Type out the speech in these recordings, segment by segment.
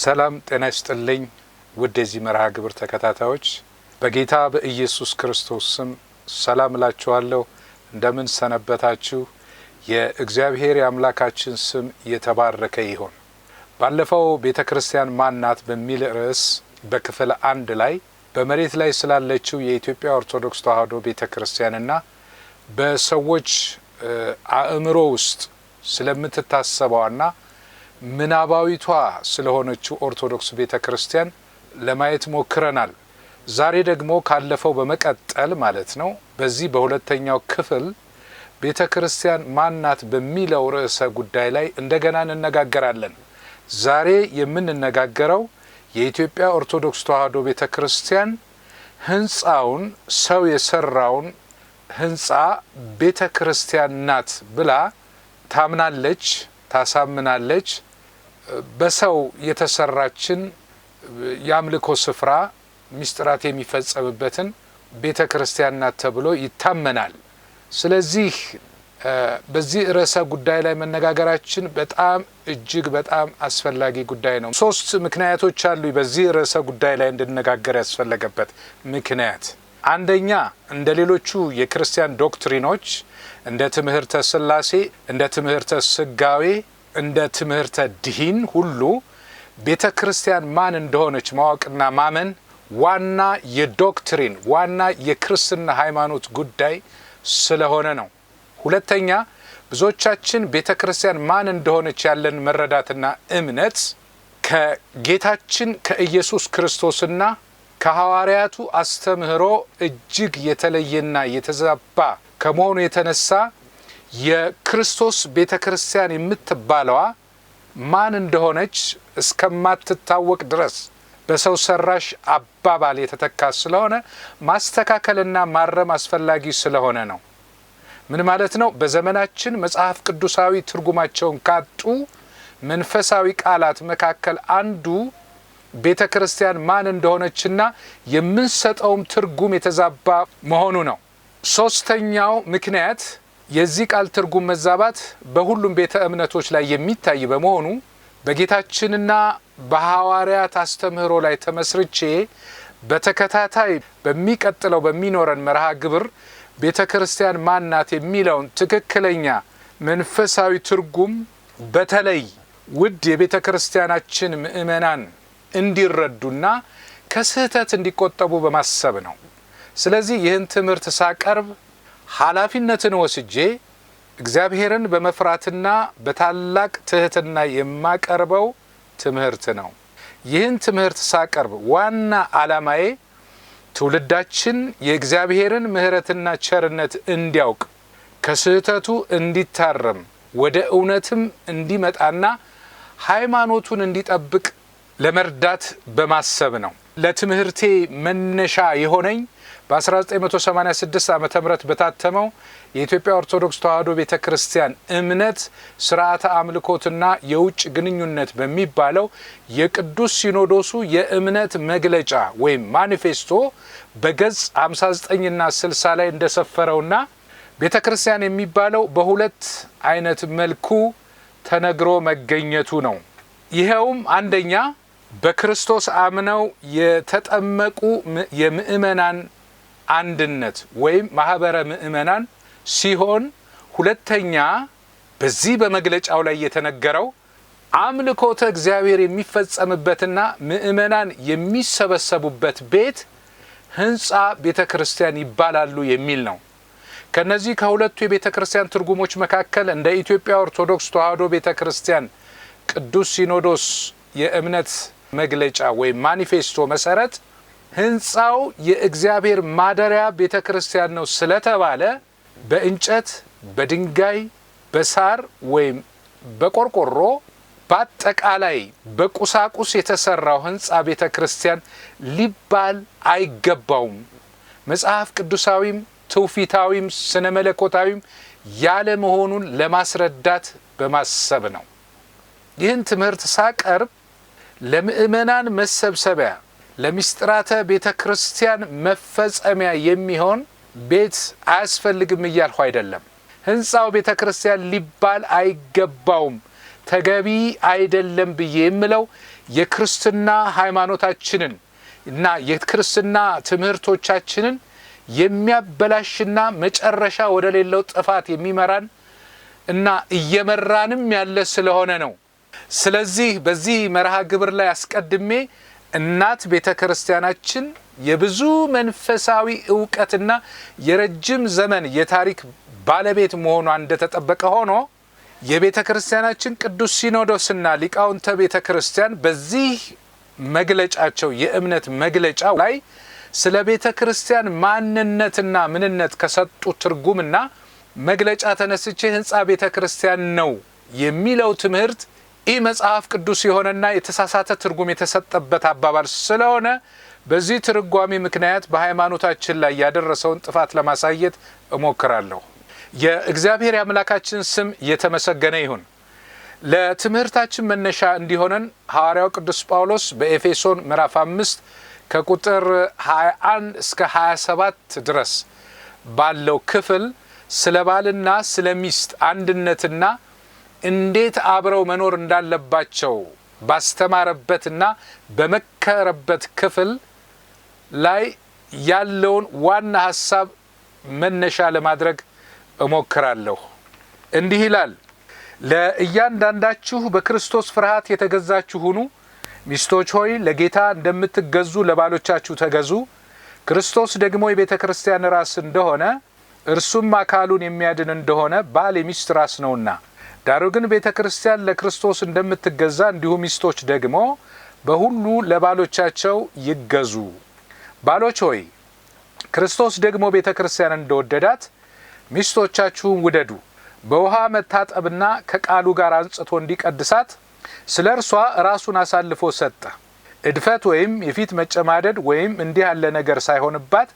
ሰላም ጤና ይስጥልኝ። ውድ የዚህ መርሃ ግብር ተከታታዮች በጌታ በኢየሱስ ክርስቶስ ስም ሰላም እላችኋለሁ። እንደምን ሰነበታችሁ? የእግዚአብሔር የአምላካችን ስም የተባረከ ይሆን። ባለፈው ቤተ ክርስቲያን ማናት በሚል ርዕስ በክፍል አንድ ላይ በመሬት ላይ ስላለችው የኢትዮጵያ ኦርቶዶክስ ተዋሕዶ ቤተ ክርስቲያንና በሰዎች አእምሮ ውስጥ ስለምትታሰበዋና ምናባዊቷ ስለሆነችው ኦርቶዶክስ ቤተ ክርስቲያን ለማየት ሞክረናል። ዛሬ ደግሞ ካለፈው በመቀጠል ማለት ነው በዚህ በሁለተኛው ክፍል ቤተ ክርስቲያን ማናት በሚለው ርዕሰ ጉዳይ ላይ እንደገና እንነጋገራለን። ዛሬ የምንነጋገረው የኢትዮጵያ ኦርቶዶክስ ተዋሕዶ ቤተ ክርስቲያን ህንፃውን ሰው የሰራውን ህንፃ ቤተ ክርስቲያን ናት ብላ ታምናለች፣ ታሳምናለች በሰው የተሰራችን የአምልኮ ስፍራ ሚስጥራት የሚፈጸምበትን ቤተ ክርስቲያን ናት ተብሎ ይታመናል። ስለዚህ በዚህ ርዕሰ ጉዳይ ላይ መነጋገራችን በጣም እጅግ በጣም አስፈላጊ ጉዳይ ነው። ሶስት ምክንያቶች አሉ በዚህ ርዕሰ ጉዳይ ላይ እንድነጋገር ያስፈለገበት ምክንያት። አንደኛ እንደ ሌሎቹ የክርስቲያን ዶክትሪኖች እንደ ትምህርተ ስላሴ እንደ ትምህርተ ስጋዌ እንደ ትምህርተ ድህን ሁሉ ቤተ ክርስቲያን ማን እንደሆነች ማወቅና ማመን ዋና የዶክትሪን ዋና የክርስትና ሃይማኖት ጉዳይ ስለሆነ ነው። ሁለተኛ ብዙዎቻችን ቤተ ክርስቲያን ማን እንደሆነች ያለን መረዳትና እምነት ከጌታችን ከኢየሱስ ክርስቶስና ከሐዋርያቱ አስተምህሮ እጅግ የተለየና የተዛባ ከመሆኑ የተነሳ የክርስቶስ ቤተ ክርስቲያን የምትባለዋ ማን እንደሆነች እስከማትታወቅ ድረስ በሰው ሰራሽ አባባል የተተካ ስለሆነ ማስተካከልና ማረም አስፈላጊ ስለሆነ ነው። ምን ማለት ነው? በዘመናችን መጽሐፍ ቅዱሳዊ ትርጉማቸውን ካጡ መንፈሳዊ ቃላት መካከል አንዱ ቤተ ክርስቲያን ማን እንደሆነችና የምንሰጠውም ትርጉም የተዛባ መሆኑ ነው። ሶስተኛው ምክንያት የዚህ ቃል ትርጉም መዛባት በሁሉም ቤተ እምነቶች ላይ የሚታይ በመሆኑ በጌታችንና በሐዋርያት አስተምህሮ ላይ ተመስርቼ በተከታታይ በሚቀጥለው በሚኖረን መርሃ ግብር ቤተ ክርስቲያን ማናት የሚለውን ትክክለኛ መንፈሳዊ ትርጉም በተለይ ውድ የቤተ ክርስቲያናችን ምእመናን እንዲረዱና ከስህተት እንዲቆጠቡ በማሰብ ነው። ስለዚህ ይህን ትምህርት ሳቀርብ ኃላፊነትን ወስጄ እግዚአብሔርን በመፍራትና በታላቅ ትህትና የማቀርበው ትምህርት ነው። ይህን ትምህርት ሳቀርብ ዋና ዓላማዬ ትውልዳችን የእግዚአብሔርን ምሕረትና ቸርነት እንዲያውቅ ከስህተቱ እንዲታረም ወደ እውነትም እንዲመጣና ሃይማኖቱን እንዲጠብቅ ለመርዳት በማሰብ ነው። ለትምህርቴ መነሻ የሆነኝ በ1986 ዓ ም በታተመው የኢትዮጵያ ኦርቶዶክስ ተዋህዶ ቤተ ክርስቲያን እምነት ስርዓተ አምልኮትና የውጭ ግንኙነት በሚባለው የቅዱስ ሲኖዶሱ የእምነት መግለጫ ወይም ማኒፌስቶ በገጽ 59ና 60 ላይ እንደሰፈረውና ቤተ ክርስቲያን የሚባለው በሁለት አይነት መልኩ ተነግሮ መገኘቱ ነው። ይኸውም አንደኛ በክርስቶስ አምነው የተጠመቁ የምእመናን አንድነት ወይም ማህበረ ምእመናን ሲሆን ሁለተኛ በዚህ በመግለጫው ላይ የተነገረው አምልኮተ እግዚአብሔር የሚፈጸምበትና ምእመናን የሚሰበሰቡበት ቤት ህንፃ ቤተ ክርስቲያን ይባላሉ የሚል ነው። ከነዚህ ከሁለቱ የቤተ ክርስቲያን ትርጉሞች መካከል እንደ ኢትዮጵያ ኦርቶዶክስ ተዋህዶ ቤተ ክርስቲያን ቅዱስ ሲኖዶስ የእምነት መግለጫ ወይም ማኒፌስቶ መሰረት ህንፃው የእግዚአብሔር ማደሪያ ቤተ ክርስቲያን ነው ስለተባለ በእንጨት፣ በድንጋይ፣ በሳር ወይም በቆርቆሮ በአጠቃላይ በቁሳቁስ የተሰራው ህንፃ ቤተ ክርስቲያን ሊባል አይገባውም። መጽሐፍ ቅዱሳዊም ትውፊታዊም ስነ መለኮታዊም ያለ መሆኑን ለማስረዳት በማሰብ ነው። ይህን ትምህርት ሳቀርብ ለምዕመናን መሰብሰቢያ ለሚስጥራተ ቤተ ክርስቲያን መፈጸሚያ የሚሆን ቤት አያስፈልግም እያልሁ አይደለም። ህንፃው ቤተ ክርስቲያን ሊባል አይገባውም፣ ተገቢ አይደለም ብዬ የምለው የክርስትና ሃይማኖታችንን እና የክርስትና ትምህርቶቻችንን የሚያበላሽና መጨረሻ ወደ ሌለው ጥፋት የሚመራን እና እየመራንም ያለ ስለሆነ ነው። ስለዚህ በዚህ መርሃ ግብር ላይ አስቀድሜ እናት ቤተ ክርስቲያናችን የብዙ መንፈሳዊ እውቀትና የረጅም ዘመን የታሪክ ባለቤት መሆኗ እንደተጠበቀ ሆኖ የቤተ ክርስቲያናችን ቅዱስ ሲኖዶስና ሊቃውንተ ቤተ ክርስቲያን በዚህ መግለጫቸው የእምነት መግለጫ ላይ ስለ ቤተ ክርስቲያን ማንነትና ምንነት ከሰጡ ትርጉምና መግለጫ ተነስቼ ህንፃ ቤተ ክርስቲያን ነው የሚለው ትምህርት ይህ መጽሐፍ ቅዱስ የሆነና የተሳሳተ ትርጉም የተሰጠበት አባባል ስለሆነ በዚህ ትርጓሚ ምክንያት በሃይማኖታችን ላይ ያደረሰውን ጥፋት ለማሳየት እሞክራለሁ። የእግዚአብሔር የአምላካችን ስም የተመሰገነ ይሁን። ለትምህርታችን መነሻ እንዲሆነን ሐዋርያው ቅዱስ ጳውሎስ በኤፌሶን ምዕራፍ 5 ከቁጥር 21 እስከ 27 ድረስ ባለው ክፍል ስለ ባልና ስለ ሚስት አንድነትና እንዴት አብረው መኖር እንዳለባቸው ባስተማረበትና በመከረበት ክፍል ላይ ያለውን ዋና ሀሳብ መነሻ ለማድረግ እሞክራለሁ። እንዲህ ይላል፣ ለእያንዳንዳችሁ በክርስቶስ ፍርሃት የተገዛችሁ ሁኑ። ሚስቶች ሆይ ለጌታ እንደምትገዙ ለባሎቻችሁ ተገዙ። ክርስቶስ ደግሞ የቤተ ክርስቲያን ራስ እንደሆነ እርሱም አካሉን የሚያድን እንደሆነ ባል የሚስት ራስ ነውና ዳሩ ግን ቤተ ክርስቲያን ለክርስቶስ እንደምትገዛ እንዲሁ ሚስቶች ደግሞ በሁሉ ለባሎቻቸው ይገዙ። ባሎች ሆይ ክርስቶስ ደግሞ ቤተ ክርስቲያን እንደወደዳት ሚስቶቻችሁን ውደዱ። በውሃ መታጠብና ከቃሉ ጋር አንጽቶ እንዲቀድሳት ስለ እርሷ ራሱን አሳልፎ ሰጠ። እድፈት ወይም የፊት መጨማደድ ወይም እንዲህ ያለ ነገር ሳይሆንባት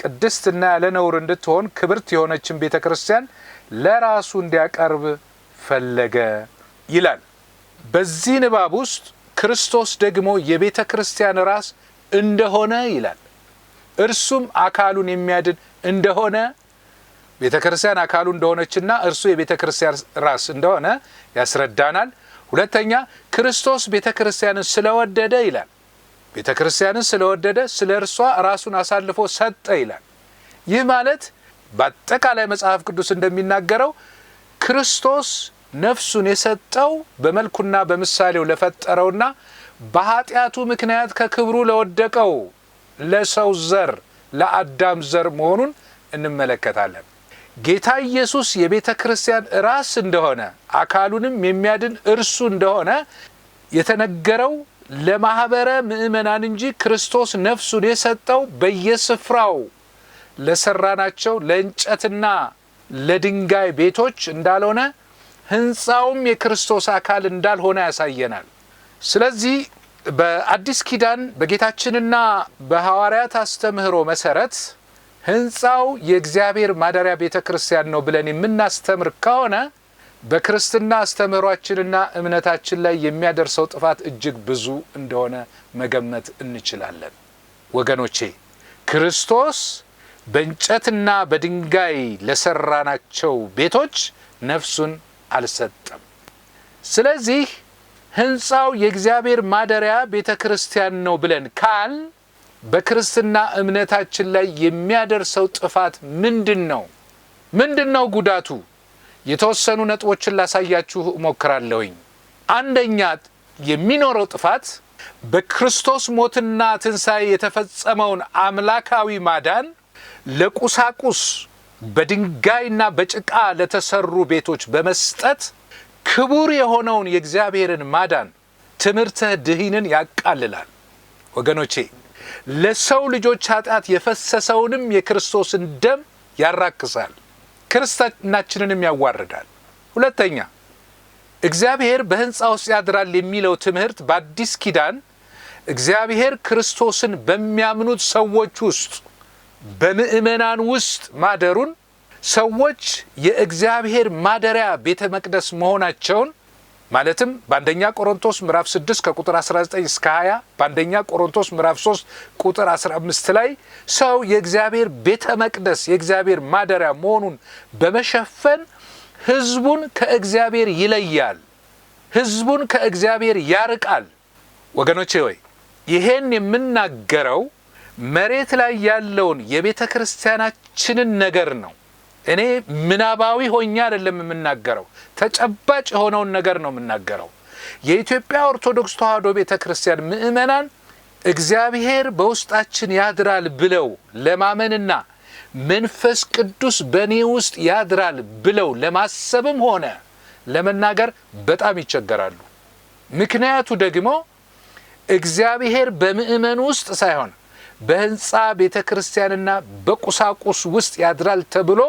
ቅድስትና ያለ ነውር እንድትሆን ክብርት የሆነችን ቤተ ክርስቲያን ለራሱ እንዲያቀርብ ፈለገ ይላል። በዚህ ንባብ ውስጥ ክርስቶስ ደግሞ የቤተ ክርስቲያን ራስ እንደሆነ ይላል። እርሱም አካሉን የሚያድን እንደሆነ ቤተ ክርስቲያን አካሉ እንደሆነችና እርሱ የቤተ ክርስቲያን ራስ እንደሆነ ያስረዳናል። ሁለተኛ ክርስቶስ ቤተ ክርስቲያንን ስለወደደ ይላል። ቤተ ክርስቲያንን ስለወደደ ስለ እርሷ ራሱን አሳልፎ ሰጠ ይላል። ይህ ማለት በአጠቃላይ መጽሐፍ ቅዱስ እንደሚናገረው ክርስቶስ ነፍሱን የሰጠው በመልኩና በምሳሌው ለፈጠረውና በኃጢአቱ ምክንያት ከክብሩ ለወደቀው ለሰው ዘር ለአዳም ዘር መሆኑን እንመለከታለን። ጌታ ኢየሱስ የቤተ ክርስቲያን ራስ እንደሆነ አካሉንም የሚያድን እርሱ እንደሆነ የተነገረው ለማኅበረ ምእመናን እንጂ ክርስቶስ ነፍሱን የሰጠው በየስፍራው ለሰራናቸው ለእንጨትና ለድንጋይ ቤቶች እንዳልሆነ ህንፃውም የክርስቶስ አካል እንዳልሆነ ያሳየናል። ስለዚህ በአዲስ ኪዳን በጌታችንና በሐዋርያት አስተምህሮ መሰረት ህንፃው የእግዚአብሔር ማደሪያ ቤተ ክርስቲያን ነው ብለን የምናስተምር ከሆነ በክርስትና አስተምህሯችንና እምነታችን ላይ የሚያደርሰው ጥፋት እጅግ ብዙ እንደሆነ መገመት እንችላለን። ወገኖቼ ክርስቶስ በእንጨትና በድንጋይ ለሰራናቸው ቤቶች ነፍሱን አልሰጠም። ስለዚህ ህንፃው የእግዚአብሔር ማደሪያ ቤተ ክርስቲያን ነው ብለን ካል በክርስትና እምነታችን ላይ የሚያደርሰው ጥፋት ምንድን ነው? ምንድን ነው ጉዳቱ? የተወሰኑ ነጥቦችን ላሳያችሁ እሞክራለሁኝ። አንደኛ የሚኖረው ጥፋት በክርስቶስ ሞትና ትንሣኤ የተፈጸመውን አምላካዊ ማዳን ለቁሳቁስ በድንጋይና በጭቃ ለተሰሩ ቤቶች በመስጠት ክቡር የሆነውን የእግዚአብሔርን ማዳን ትምህርተ ድህንን ያቃልላል። ወገኖቼ ለሰው ልጆች ኃጢአት የፈሰሰውንም የክርስቶስን ደም ያራክሳል፣ ክርስትናችንንም ያዋርዳል። ሁለተኛ እግዚአብሔር በሕንፃ ውስጥ ያድራል የሚለው ትምህርት በአዲስ ኪዳን እግዚአብሔር ክርስቶስን በሚያምኑት ሰዎች ውስጥ በምእመናን ውስጥ ማደሩን ሰዎች የእግዚአብሔር ማደሪያ ቤተ መቅደስ መሆናቸውን ማለትም በአንደኛ ቆሮንቶስ ምዕራፍ 6 ከቁጥር 19 እስከ 20 በአንደኛ ቆሮንቶስ ምዕራፍ 3 ቁጥር 15 ላይ ሰው የእግዚአብሔር ቤተ መቅደስ የእግዚአብሔር ማደሪያ መሆኑን በመሸፈን ሕዝቡን ከእግዚአብሔር ይለያል፣ ሕዝቡን ከእግዚአብሔር ያርቃል። ወገኖቼ ወይ ይሄን የምናገረው መሬት ላይ ያለውን የቤተ ክርስቲያናችንን ነገር ነው። እኔ ምናባዊ ሆኜ አይደለም የምናገረው፣ ተጨባጭ የሆነውን ነገር ነው የምናገረው። የኢትዮጵያ ኦርቶዶክስ ተዋህዶ ቤተ ክርስቲያን ምእመናን እግዚአብሔር በውስጣችን ያድራል ብለው ለማመንና መንፈስ ቅዱስ በእኔ ውስጥ ያድራል ብለው ለማሰብም ሆነ ለመናገር በጣም ይቸገራሉ። ምክንያቱ ደግሞ እግዚአብሔር በምእመን ውስጥ ሳይሆን በህንፃ ቤተ ክርስቲያንና በቁሳቁስ ውስጥ ያድራል ተብሎ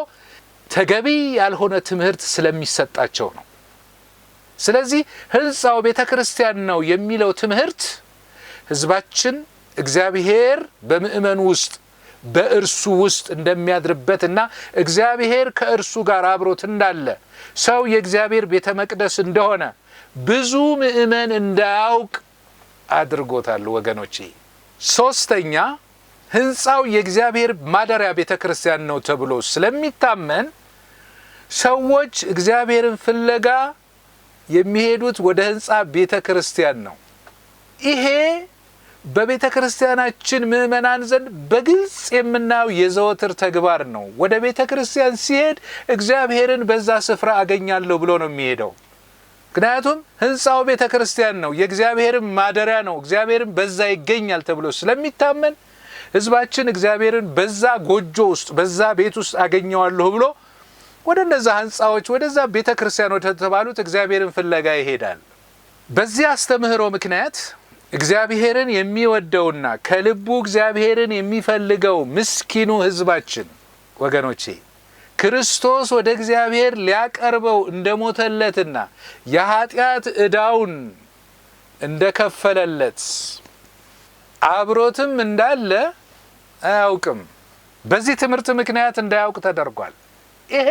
ተገቢ ያልሆነ ትምህርት ስለሚሰጣቸው ነው። ስለዚህ ህንፃው ቤተ ክርስቲያን ነው የሚለው ትምህርት ህዝባችን እግዚአብሔር በምእመን ውስጥ በእርሱ ውስጥ እንደሚያድርበትና እግዚአብሔር ከእርሱ ጋር አብሮት እንዳለ ሰው የእግዚአብሔር ቤተ መቅደስ እንደሆነ ብዙ ምእመን እንዳያውቅ አድርጎታል ወገኖች። ሶስተኛ ህንፃው የእግዚአብሔር ማደሪያ ቤተ ክርስቲያን ነው ተብሎ ስለሚታመን ሰዎች እግዚአብሔርን ፍለጋ የሚሄዱት ወደ ህንፃ ቤተ ክርስቲያን ነው። ይሄ በቤተ ክርስቲያናችን ምዕመናን ዘንድ በግልጽ የምናየው የዘወትር ተግባር ነው። ወደ ቤተ ክርስቲያን ሲሄድ እግዚአብሔርን በዛ ስፍራ አገኛለሁ ብሎ ነው የሚሄደው። ምክንያቱም ህንፃው ቤተ ክርስቲያን ነው፣ የእግዚአብሔርን ማደሪያ ነው፣ እግዚአብሔርን በዛ ይገኛል ተብሎ ስለሚታመን ህዝባችን እግዚአብሔርን በዛ ጎጆ ውስጥ በዛ ቤት ውስጥ አገኘዋለሁ ብሎ ወደ እነዛ ህንፃዎች ወደዛ ቤተ ክርስቲያን ወደ ተባሉት እግዚአብሔርን ፍለጋ ይሄዳል። በዚህ አስተምህሮ ምክንያት እግዚአብሔርን የሚወደውና ከልቡ እግዚአብሔርን የሚፈልገው ምስኪኑ ህዝባችን ወገኖቼ ክርስቶስ ወደ እግዚአብሔር ሊያቀርበው እንደሞተለትና የኃጢአት ዕዳውን እንደከፈለለት አብሮትም እንዳለ አያውቅም። በዚህ ትምህርት ምክንያት እንዳያውቅ ተደርጓል። ይሄ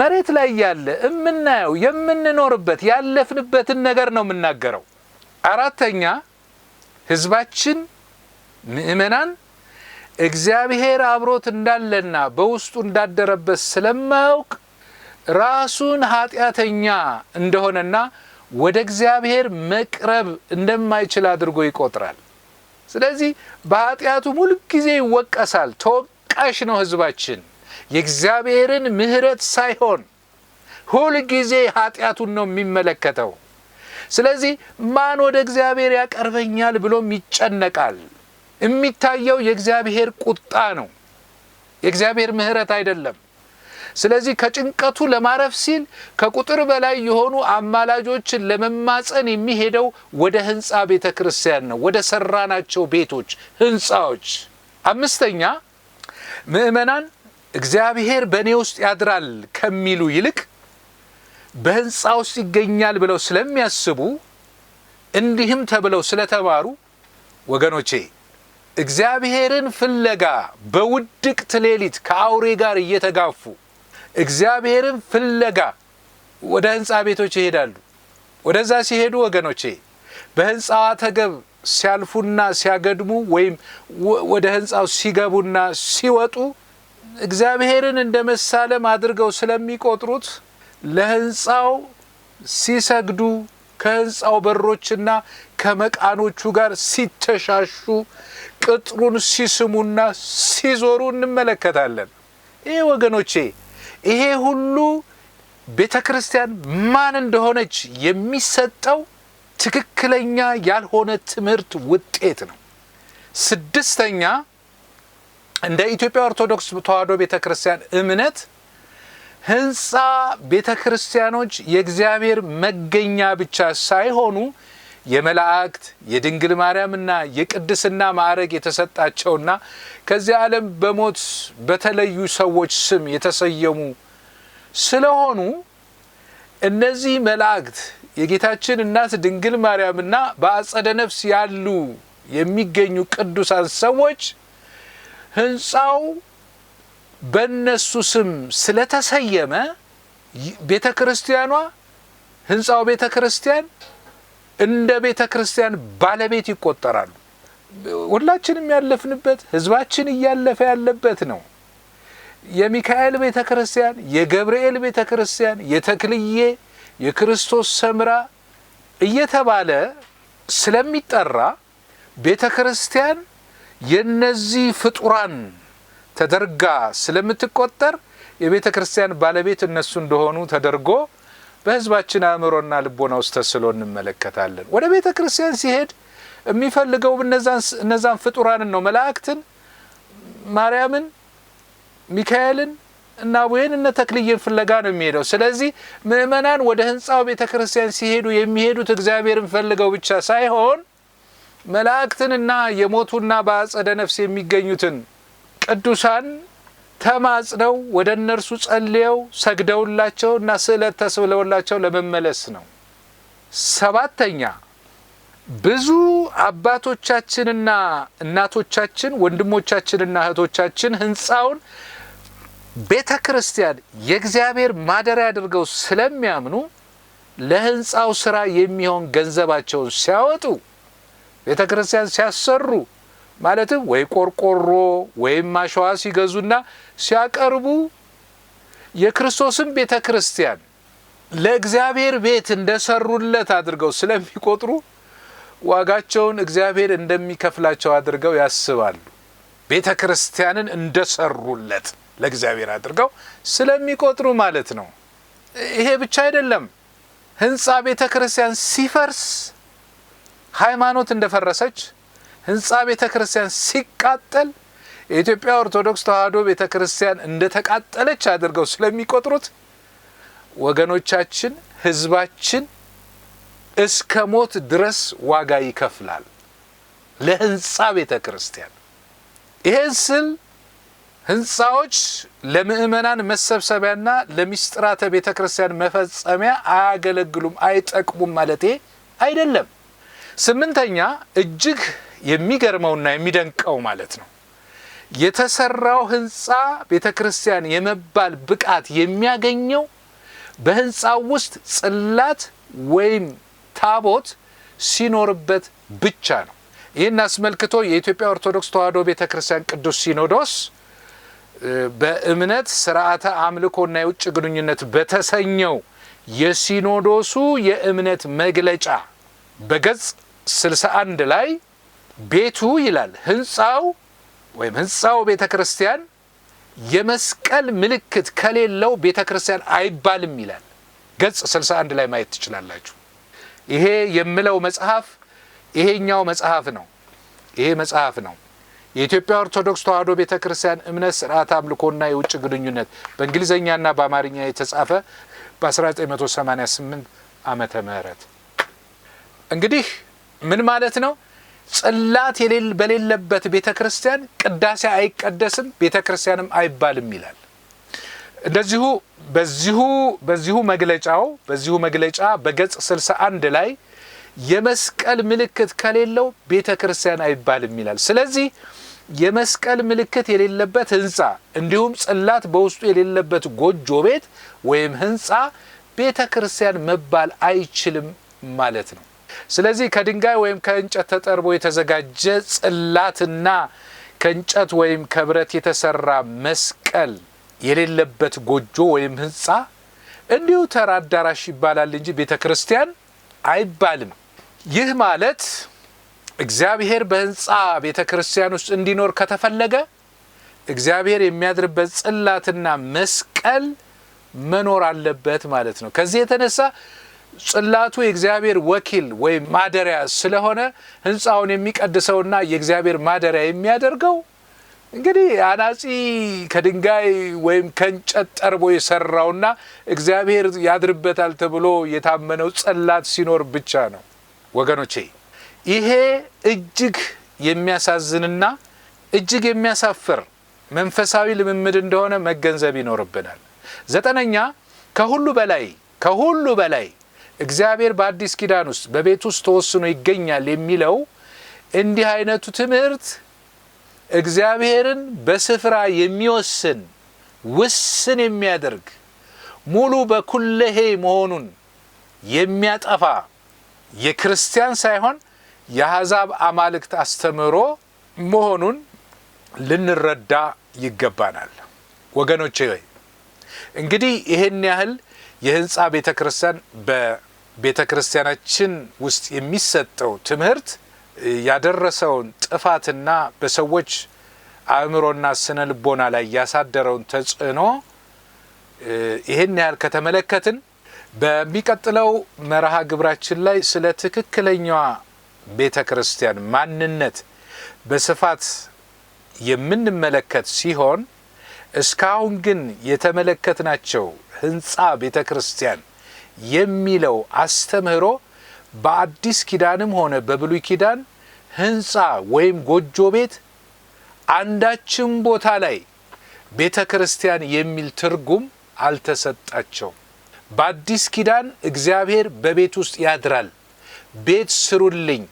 መሬት ላይ ያለ የምናየው የምንኖርበት ያለፍንበትን ነገር ነው የምናገረው። አራተኛ ህዝባችን ምእመናን እግዚአብሔር አብሮት እንዳለና በውስጡ እንዳደረበት ስለማያውቅ ራሱን ኃጢአተኛ እንደሆነና ወደ እግዚአብሔር መቅረብ እንደማይችል አድርጎ ይቆጥራል። ስለዚህ በኃጢአቱ ጊዜ ይወቀሳል። ተወቃሽ ነው ህዝባችን የእግዚአብሔርን ምሕረት ሳይሆን ሁል ጊዜ ኃጢአቱን ነው የሚመለከተው። ስለዚህ ማን ወደ እግዚአብሔር ያቀርበኛል ብሎም ይጨነቃል። የሚታየው የእግዚአብሔር ቁጣ ነው፣ የእግዚአብሔር ምሕረት አይደለም። ስለዚህ ከጭንቀቱ ለማረፍ ሲል ከቁጥር በላይ የሆኑ አማላጆችን ለመማፀን የሚሄደው ወደ ህንፃ ቤተ ክርስቲያን ነው፣ ወደ ሰራናቸው ቤቶች፣ ህንፃዎች አምስተኛ ምእመናን እግዚአብሔር በእኔ ውስጥ ያድራል ከሚሉ ይልቅ በህንፃ ውስጥ ይገኛል ብለው ስለሚያስቡ እንዲህም ተብለው ስለተማሩ ወገኖቼ እግዚአብሔርን ፍለጋ በውድቅት ሌሊት ከአውሬ ጋር እየተጋፉ እግዚአብሔርን ፍለጋ ወደ ህንፃ ቤቶች ይሄዳሉ። ወደዛ ሲሄዱ ወገኖቼ በህንፃው አጠገብ ሲያልፉና ሲያገድሙ ወይም ወደ ህንፃው ሲገቡና ሲወጡ እግዚአብሔርን እንደ መሳለም አድርገው ስለሚቆጥሩት ለህንፃው ሲሰግዱ ከህንፃው በሮችና ከመቃኖቹ ጋር ሲተሻሹ ቅጥሩን ሲስሙና ሲዞሩ እንመለከታለን። ይህ ወገኖቼ ይሄ ሁሉ ቤተ ክርስቲያን ማን እንደሆነች የሚሰጠው ትክክለኛ ያልሆነ ትምህርት ውጤት ነው። ስድስተኛ እንደ ኢትዮጵያ ኦርቶዶክስ ተዋሕዶ ቤተ ክርስቲያን እምነት ህንፃ ቤተ ክርስቲያኖች የእግዚአብሔር መገኛ ብቻ ሳይሆኑ የመላእክት የድንግል ማርያምና የቅድስና ማዕረግ የተሰጣቸውና ከዚህ ዓለም በሞት በተለዩ ሰዎች ስም የተሰየሙ ስለሆኑ እነዚህ መላእክት የጌታችን እናት ድንግል ማርያምና በአጸደ ነፍስ ያሉ የሚገኙ ቅዱሳን ሰዎች ህንፃው በእነሱ ስም ስለተሰየመ ቤተ ክርስቲያኗ ህንፃው ቤተ ክርስቲያን እንደ ቤተ ክርስቲያን ባለቤት ይቆጠራሉ። ሁላችንም ያለፍንበት ህዝባችን እያለፈ ያለበት ነው። የሚካኤል ቤተ ክርስቲያን፣ የገብርኤል ቤተ ክርስቲያን፣ የተክልዬ፣ የክርስቶስ ሰምራ እየተባለ ስለሚጠራ ቤተ ክርስቲያን የነዚህ ፍጡራን ተደርጋ ስለምትቆጠር የቤተ ክርስቲያን ባለቤት እነሱ እንደሆኑ ተደርጎ በህዝባችን አእምሮና ልቦና ውስጥ ተስሎ እንመለከታለን። ወደ ቤተ ክርስቲያን ሲሄድ የሚፈልገው እነዛን ፍጡራንን ነው። መላእክትን፣ ማርያምን፣ ሚካኤልን እና አቡዬን እነ ተክልዬን ፍለጋ ነው የሚሄደው። ስለዚህ ምእመናን ወደ ህንፃው ቤተ ክርስቲያን ሲሄዱ የሚሄዱት እግዚአብሔርን ፈልገው ብቻ ሳይሆን መላእክትንና የሞቱና በአጸደ ነፍስ የሚገኙትን ቅዱሳን ተማጽነው ወደ እነርሱ ጸልየው እና ስዕለት ተስብለውላቸው ለመመለስ ነው። ሰባተኛ ብዙ አባቶቻችንና እናቶቻችን ወንድሞቻችንና እህቶቻችን ህንፃውን ቤተ ክርስቲያን የእግዚአብሔር ማደሪያ አድርገው ስለሚያምኑ ለህንፃው ስራ የሚሆን ገንዘባቸውን ሲያወጡ ቤተ ክርስቲያን ሲያሰሩ ማለትም ወይ ቆርቆሮ ወይም አሸዋ ሲገዙና ሲያቀርቡ የክርስቶስን ቤተ ክርስቲያን ለእግዚአብሔር ቤት እንደሰሩለት አድርገው ስለሚቆጥሩ ዋጋቸውን እግዚአብሔር እንደሚከፍላቸው አድርገው ያስባሉ። ቤተ ክርስቲያንን እንደሰሩለት ለእግዚአብሔር አድርገው ስለሚቆጥሩ ማለት ነው። ይሄ ብቻ አይደለም። ህንፃ ቤተ ክርስቲያን ሲፈርስ ሃይማኖት እንደፈረሰች ህንፃ ቤተ ክርስቲያን ሲቃጠል የኢትዮጵያ ኦርቶዶክስ ተዋሕዶ ቤተ ክርስቲያን እንደ ተቃጠለች አድርገው ስለሚቆጥሩት ወገኖቻችን፣ ህዝባችን እስከ ሞት ድረስ ዋጋ ይከፍላል ለህንፃ ቤተ ክርስቲያን። ይህን ስል ህንፃዎች ለምእመናን መሰብሰቢያና ለሚስጥራተ ቤተ ክርስቲያን መፈጸሚያ አያገለግሉም፣ አይጠቅሙም ማለቴ አይደለም። ስምንተኛ እጅግ የሚገርመውና የሚደንቀው ማለት ነው የተሰራው ህንፃ ቤተ ክርስቲያን የመባል ብቃት የሚያገኘው በህንፃው ውስጥ ጽላት ወይም ታቦት ሲኖርበት ብቻ ነው። ይህን አስመልክቶ የኢትዮጵያ ኦርቶዶክስ ተዋሕዶ ቤተ ክርስቲያን ቅዱስ ሲኖዶስ በእምነት ስርዓተ አምልኮና የውጭ ግንኙነት በተሰኘው የሲኖዶሱ የእምነት መግለጫ በገጽ 61 ላይ ቤቱ ይላል ህንፃው ወይም ህንፃው ቤተ ክርስቲያን የመስቀል ምልክት ከሌለው ቤተ ክርስቲያን አይባልም ይላል። ገጽ 61 ላይ ማየት ትችላላችሁ። ይሄ የምለው መጽሐፍ ይሄኛው መጽሐፍ ነው። ይሄ መጽሐፍ ነው። የኢትዮጵያ ኦርቶዶክስ ተዋሕዶ ቤተ ክርስቲያን እምነት፣ ስርዓት፣ አምልኮና የውጭ ግንኙነት በእንግሊዝኛና በአማርኛ የተጻፈ በ1988 ዓመተ ምህረት እንግዲህ ምን ማለት ነው? ጽላት በሌለበት ቤተ ክርስቲያን ቅዳሴ አይቀደስም፣ ቤተ ክርስቲያንም አይባልም ይላል። እንደዚሁ በዚሁ በዚሁ መግለጫው በዚሁ መግለጫ በገጽ 61 ላይ የመስቀል ምልክት ከሌለው ቤተ ክርስቲያን አይባልም ይላል። ስለዚህ የመስቀል ምልክት የሌለበት ህንፃ እንዲሁም ጽላት በውስጡ የሌለበት ጎጆ ቤት ወይም ህንፃ ቤተ ክርስቲያን መባል አይችልም ማለት ነው። ስለዚህ ከድንጋይ ወይም ከእንጨት ተጠርቦ የተዘጋጀ ጽላትና ከእንጨት ወይም ከብረት የተሰራ መስቀል የሌለበት ጎጆ ወይም ህንፃ እንዲሁ ተራ አዳራሽ ይባላል እንጂ ቤተ ክርስቲያን አይባልም። ይህ ማለት እግዚአብሔር በህንፃ ቤተ ክርስቲያን ውስጥ እንዲኖር ከተፈለገ እግዚአብሔር የሚያድርበት ጽላትና መስቀል መኖር አለበት ማለት ነው። ከዚህ የተነሳ ጽላቱ የእግዚአብሔር ወኪል ወይም ማደሪያ ስለሆነ ህንፃውን የሚቀድሰውና የእግዚአብሔር ማደሪያ የሚያደርገው እንግዲህ አናጺ ከድንጋይ ወይም ከእንጨት ጠርቦ የሰራውና እግዚአብሔር ያድርበታል ተብሎ የታመነው ጽላት ሲኖር ብቻ ነው። ወገኖቼ ይሄ እጅግ የሚያሳዝንና እጅግ የሚያሳፍር መንፈሳዊ ልምምድ እንደሆነ መገንዘብ ይኖርብናል። ዘጠነኛ ከሁሉ በላይ ከሁሉ በላይ እግዚአብሔር በአዲስ ኪዳን ውስጥ በቤት ውስጥ ተወስኖ ይገኛል የሚለው እንዲህ አይነቱ ትምህርት እግዚአብሔርን በስፍራ የሚወስን ውስን የሚያደርግ ሙሉ በኩለሄ መሆኑን የሚያጠፋ የክርስቲያን ሳይሆን የአሕዛብ አማልክት አስተምህሮ መሆኑን ልንረዳ ይገባናል። ወገኖቼ እንግዲህ ይህን ያህል የህንፃ ቤተ ክርስቲያን ቤተ ክርስቲያናችን ውስጥ የሚሰጠው ትምህርት ያደረሰውን ጥፋትና በሰዎች አእምሮና ስነ ልቦና ላይ ያሳደረውን ተጽዕኖ ይህን ያህል ከተመለከትን በሚቀጥለው መርሃ ግብራችን ላይ ስለ ትክክለኛዋ ቤተ ክርስቲያን ማንነት በስፋት የምንመለከት ሲሆን እስካሁን ግን የተመለከትናቸው ህንፃ ቤተ ክርስቲያን የሚለው አስተምህሮ በአዲስ ኪዳንም ሆነ በብሉይ ኪዳን ህንፃ ወይም ጎጆ ቤት አንዳችም ቦታ ላይ ቤተ ክርስቲያን የሚል ትርጉም አልተሰጣቸውም። በአዲስ ኪዳን እግዚአብሔር በቤት ውስጥ ያድራል። ቤት ስሩልኝ፣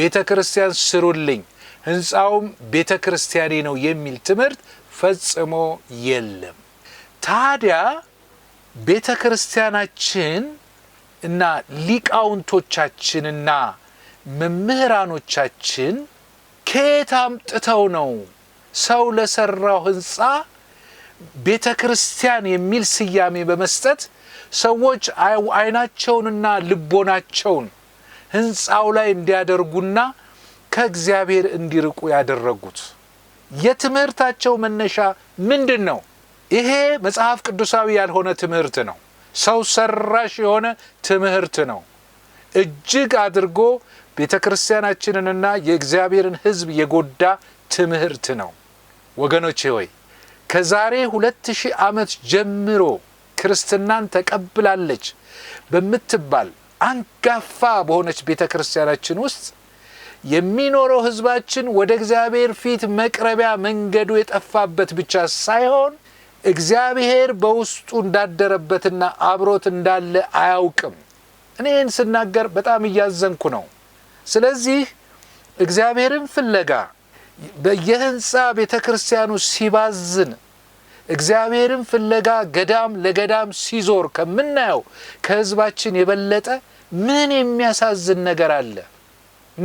ቤተ ክርስቲያን ስሩልኝ፣ ህንፃውም ቤተ ክርስቲያኔ ነው የሚል ትምህርት ፈጽሞ የለም። ታዲያ ቤተ ክርስቲያናችን እና ሊቃውንቶቻችንና መምህራኖቻችን ከየት አምጥተው ነው ሰው ለሰራው ህንፃ ቤተ ክርስቲያን የሚል ስያሜ በመስጠት ሰዎች አይናቸውንና ልቦናቸውን ህንፃው ላይ እንዲያደርጉና ከእግዚአብሔር እንዲርቁ ያደረጉት የትምህርታቸው መነሻ ምንድን ነው? ይሄ መጽሐፍ ቅዱሳዊ ያልሆነ ትምህርት ነው። ሰው ሰራሽ የሆነ ትምህርት ነው። እጅግ አድርጎ ቤተ ክርስቲያናችንንና የእግዚአብሔርን ሕዝብ የጎዳ ትምህርት ነው። ወገኖቼ ሆይ ከዛሬ ሁለት ሺህ ዓመት ጀምሮ ክርስትናን ተቀብላለች በምትባል አንጋፋ በሆነች ቤተ ክርስቲያናችን ውስጥ የሚኖረው ህዝባችን ወደ እግዚአብሔር ፊት መቅረቢያ መንገዱ የጠፋበት ብቻ ሳይሆን እግዚአብሔር በውስጡ እንዳደረበትና አብሮት እንዳለ አያውቅም። እኔን ስናገር በጣም እያዘንኩ ነው። ስለዚህ እግዚአብሔርን ፍለጋ በየህንፃ ቤተ ክርስቲያኑ ሲባዝን እግዚአብሔርን ፍለጋ ገዳም ለገዳም ሲዞር ከምናየው ከህዝባችን የበለጠ ምን የሚያሳዝን ነገር አለ?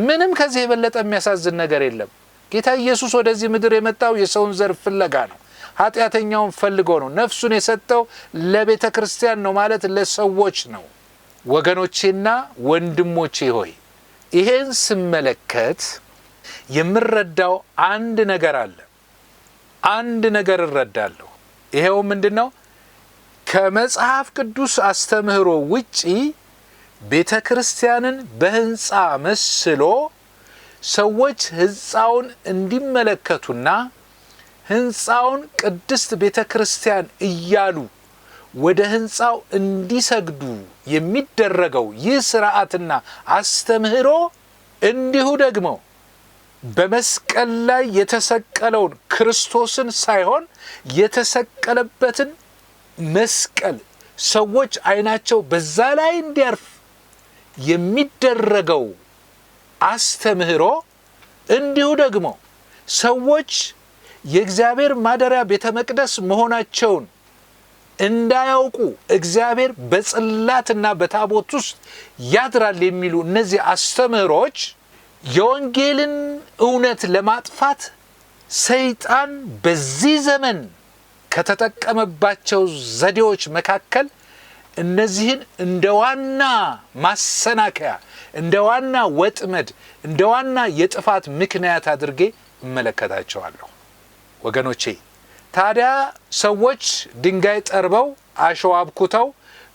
ምንም ከዚህ የበለጠ የሚያሳዝን ነገር የለም። ጌታ ኢየሱስ ወደዚህ ምድር የመጣው የሰውን ዘር ፍለጋ ነው። ኃጢአተኛውን ፈልጎ ነው። ነፍሱን የሰጠው ለቤተ ክርስቲያን ነው ማለት ለሰዎች ነው። ወገኖቼና ወንድሞቼ ሆይ ይሄን ስመለከት የምረዳው አንድ ነገር አለ። አንድ ነገር እረዳለሁ። ይሄው ምንድን ነው? ከመጽሐፍ ቅዱስ አስተምህሮ ውጪ ቤተ ክርስቲያንን በህንፃ መስሎ ሰዎች ህንፃውን እንዲመለከቱና ህንፃውን ቅድስት ቤተ ክርስቲያን እያሉ ወደ ህንፃው እንዲሰግዱ የሚደረገው ይህ ስርዓትና አስተምህሮ እንዲሁ ደግሞ በመስቀል ላይ የተሰቀለውን ክርስቶስን ሳይሆን የተሰቀለበትን መስቀል ሰዎች አይናቸው በዛ ላይ እንዲያርፍ የሚደረገው አስተምህሮ እንዲሁ ደግሞ ሰዎች የእግዚአብሔር ማደሪያ ቤተ መቅደስ መሆናቸውን እንዳያውቁ እግዚአብሔር በጽላትና በታቦት ውስጥ ያድራል የሚሉ እነዚህ አስተምህሮች የወንጌልን እውነት ለማጥፋት ሰይጣን በዚህ ዘመን ከተጠቀመባቸው ዘዴዎች መካከል እነዚህን እንደ ዋና ማሰናከያ፣ እንደ ዋና ወጥመድ፣ እንደ ዋና የጥፋት ምክንያት አድርጌ እመለከታቸዋለሁ። ወገኖቼ ታዲያ ሰዎች ድንጋይ ጠርበው አሸዋ አብኩተው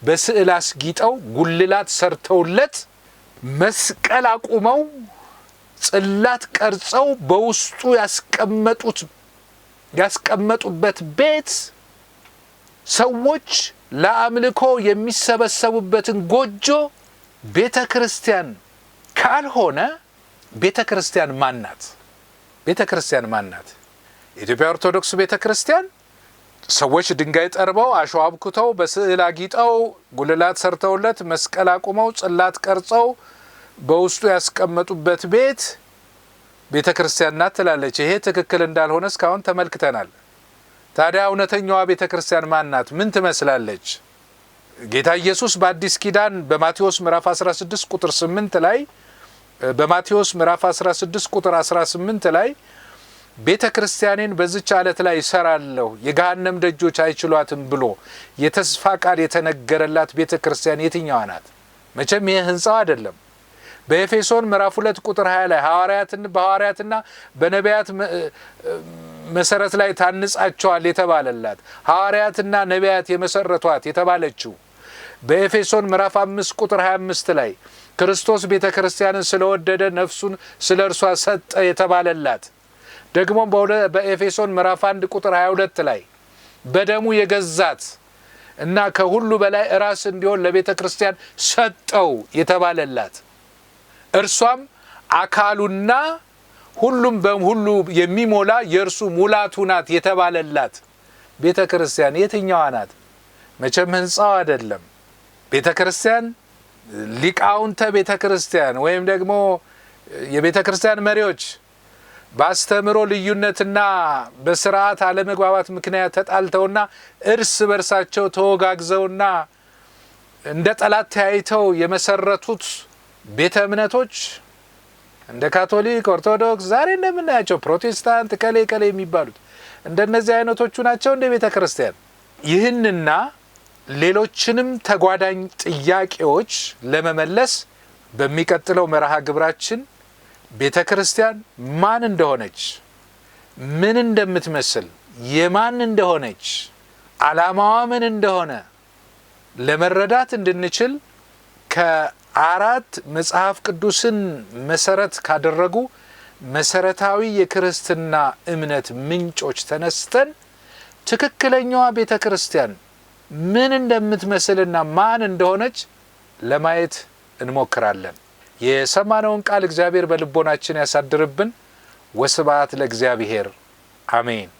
በስዕል አስጊጠው ጉልላት ሰርተውለት መስቀል አቁመው ጽላት ቀርጸው በውስጡ ያስቀመጡት ያስቀመጡበት ቤት ሰዎች ለአምልኮ የሚሰበሰቡበትን ጎጆ ቤተ ክርስቲያን ካልሆነ ቤተ ክርስቲያን ማን ቤተ ክርስቲያን ማን ናት? የኢትዮጵያ ኦርቶዶክስ ቤተ ክርስቲያን ሰዎች ድንጋይ ጠርበው አሸዋ አብኩተው በስዕል አጊጠው ጉልላት ሰርተውለት መስቀል አቁመው ጽላት ቀርጸው በውስጡ ያስቀመጡበት ቤት ቤተ ክርስቲያን ናት ትላለች። ይሄ ትክክል እንዳልሆነ እስካሁን ተመልክተናል። ታዲያ እውነተኛዋ ቤተ ክርስቲያን ማን ናት? ምን ትመስላለች? ጌታ ኢየሱስ በአዲስ ኪዳን በማቴዎስ ምዕራፍ 16 ቁጥር 8 ላይ በማቴዎስ ምዕራፍ 16 ቁጥር 18 ላይ ቤተ ክርስቲያኔን በዝች አለት ላይ ይሰራለሁ የገሃነም ደጆች አይችሏትም ብሎ የተስፋ ቃል የተነገረላት ቤተ ክርስቲያን የትኛዋ ናት? መቼም ይህ ህንፃው አይደለም። በኤፌሶን ምዕራፍ ሁለት ቁጥር 20 ላይ ሐዋርያትን በሐዋርያትና በነቢያት መሰረት ላይ ታንጻቸዋል የተባለላት ሐዋርያትና ነቢያት የመሰረቷት የተባለችው በኤፌሶን ምዕራፍ አምስት ቁጥር 25 ላይ ክርስቶስ ቤተ ክርስቲያንን ስለወደደ ነፍሱን ስለ እርሷ ሰጠ የተባለላት ደግሞም በኤፌሶን ምዕራፍ 1 ቁጥር 22 ላይ በደሙ የገዛት እና ከሁሉ በላይ ራስ እንዲሆን ለቤተ ክርስቲያን ሰጠው የተባለላት እርሷም አካሉና ሁሉም በሁሉ የሚሞላ የእርሱ ሙላቱ ናት የተባለላት ቤተ ክርስቲያን የትኛዋ ናት? መቼም ህንፃው አይደለም። ቤተ ክርስቲያን ሊቃውንተ ቤተ ክርስቲያን ወይም ደግሞ የቤተ ክርስቲያን መሪዎች በአስተምህሮ ልዩነትና በስርዓት አለመግባባት ምክንያት ተጣልተውና እርስ በርሳቸው ተወጋግዘውና እንደ ጠላት ተያይተው የመሰረቱት ቤተ እምነቶች እንደ ካቶሊክ፣ ኦርቶዶክስ፣ ዛሬ እንደምናያቸው ፕሮቴስታንት፣ ከሌ ከሌ የሚባሉት እንደነዚህ አይነቶቹ ናቸው። እንደ ቤተ ክርስቲያን ይህንና ሌሎችንም ተጓዳኝ ጥያቄዎች ለመመለስ በሚቀጥለው መርሃ ግብራችን ቤተ ክርስቲያን ማን እንደሆነች፣ ምን እንደምትመስል፣ የማን እንደሆነች፣ ዓላማዋ ምን እንደሆነ ለመረዳት እንድንችል ከአራት መጽሐፍ ቅዱስን መሰረት ካደረጉ መሰረታዊ የክርስትና እምነት ምንጮች ተነስተን ትክክለኛዋ ቤተ ክርስቲያን ምን እንደምትመስልና ማን እንደሆነች ለማየት እንሞክራለን። የሰማነውን ቃል እግዚአብሔር በልቦናችን ያሳድርብን። ወስብሐት ለእግዚአብሔር አሜን።